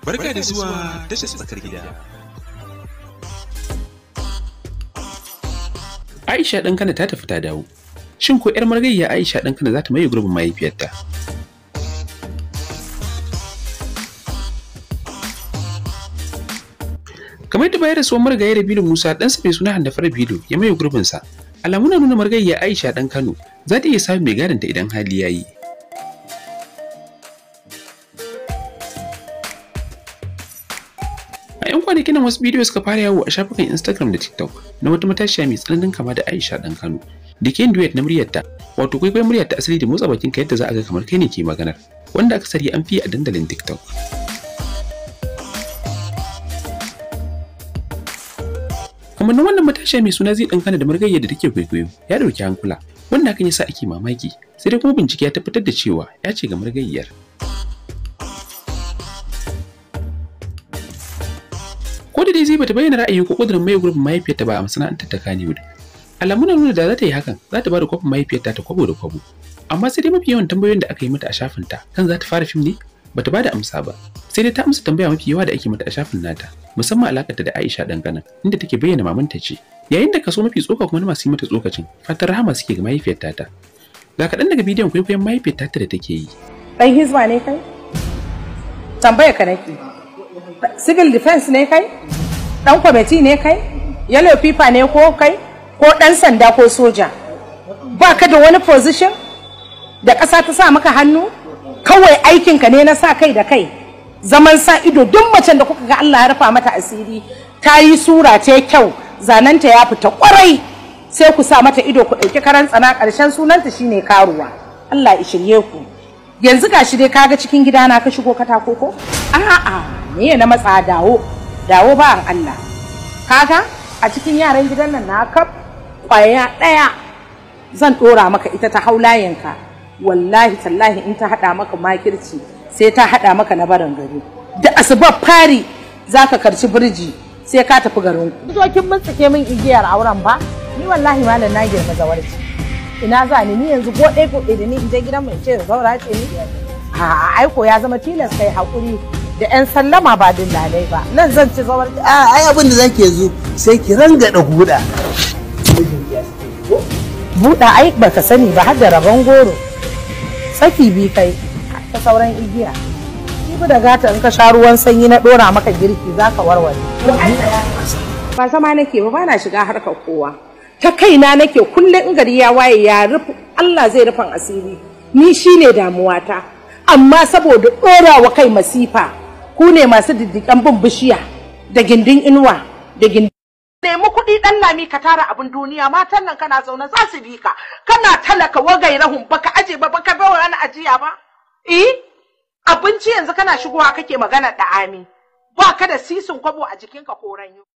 Barka da zuwa tashar tsakar gida. Aisha ɗan kana ta tafi ta dawo. Shin ko 'yar margayya Aisha ɗan kana za ta maye gurbin mahaifiyarta? Kamar yadda bayar da suwan margayya da Bilu Musa ɗansa mai suna Handafar Bilo, ya maye gurbinsa. Alamu na nuna margayya Aisha ɗan Kano za ta iya samun mai gadanta idan hali ya yi. 'yan kwanakin nan wasu bidiyo suka fara yawo a shafukan Instagram da TikTok na wata matashiya mai tsananin kama da Aisha dan Kano. Da ke duet na muryarta, wato kwaikwayon muryarta asali da motsa bakin ka yadda za a ga kamar kai ne ke maganar, wanda aka sari an fi a dandalin TikTok. Kamar na wannan matashiya mai suna zai dan Kano da margayya da take kwaikwayo, ya dauki hankula, wanda hakan ya sa ake mamaki, sai dai kuma bincike ya tabbatar da cewa ya ce ga margayyar. wanda da dai zai bata bayyana ra'ayin ko kudurin mai gurbin mahaifiyarta ba a masana'antar ta Kannywood. Alamu na nuna da za ta yi hakan za ta ba da kwafin mahaifiyarta ta kwabo da kwabo. Amma sai dai mafi yawan tambayoyin da aka yi mata a shafin ta kan za ta fara fim ne bata ba da amsa ba. Sai dai ta amsa tambaya mafi yawa da ake mata a shafin nata musamman alakarta da Aisha dangana inda take bayyana mamanta ce. Yayin da kaso mafi tsoka kuma na masu yi mata tsokacin fatar rahama suke ga mahaifiyarta ta. Ga kaɗan daga bidiyon kwaikwayon mahaifiyarta ta da take yi. Ɗan hizma ne kai? Tambaya ka nake. civil defense ne kai dan kwamiti ne kai yellow paper ne ko kai ko dan sanda ko soja ba ka da wani position da ƙasa ta sa maka hannu kawai aikinka ne na sa kai da kai zaman sa ido duk macen da kuka ga Allah ya rufa mata asiri ta yi sura ta kyau zananta ya fita kwarai sai ku sa mata ido ku ɗauki karan tsana ƙarshen sunanta shine karuwa Allah ya shirye ku yanzu gashi dai kaga cikin gida na ka shigo katako ko a'a me na matsa dawo dawo ba an Allah kaga a cikin yaran gidan nan na kaf kwaya daya zan dora maka ita ta hau haulayenka wallahi tallahi in ta hada maka makirci sai ta hada maka na barin gari da asubar fari zaka karci birji sai ka tafi garin zo kin mun min igiyar auren ba ni wallahi malam na girma zawarci ina za ni ni yanzu goɗe goɗe da ni in je gidan mai ce zaura ce ni a aiko ya zama tilas kai hakuri da yan sallama ba dillalai ba nan zan ci zaura a ai abin da zan ke zo sai ki ranga da huda buɗa ai baka sani ba har da rabon goro saki bi kai ta sauran igiya Ibu da gata in ka sha ruwan sanyi na ɗora maka girki za ka warware. Ba sama nake ba ba na shiga harkar kowa. ta kaina nake kullum in gari ya waye ya rufu Allah zai rufan asiri ni shine damuwata amma saboda dora wa kai masifa ku ne masu diddikan bin bishiya da gindin inuwa da gindin nemi kuɗi ɗan lami ka tara abin duniya matan nan kana zaune za su bi ka kana talaka wagairahun baka aje ba baka bawa wani ajiya ba eh abinci yanzu kana shigowa kake magana da ami ba ka da sisin kwabo a jikinka ko ranyo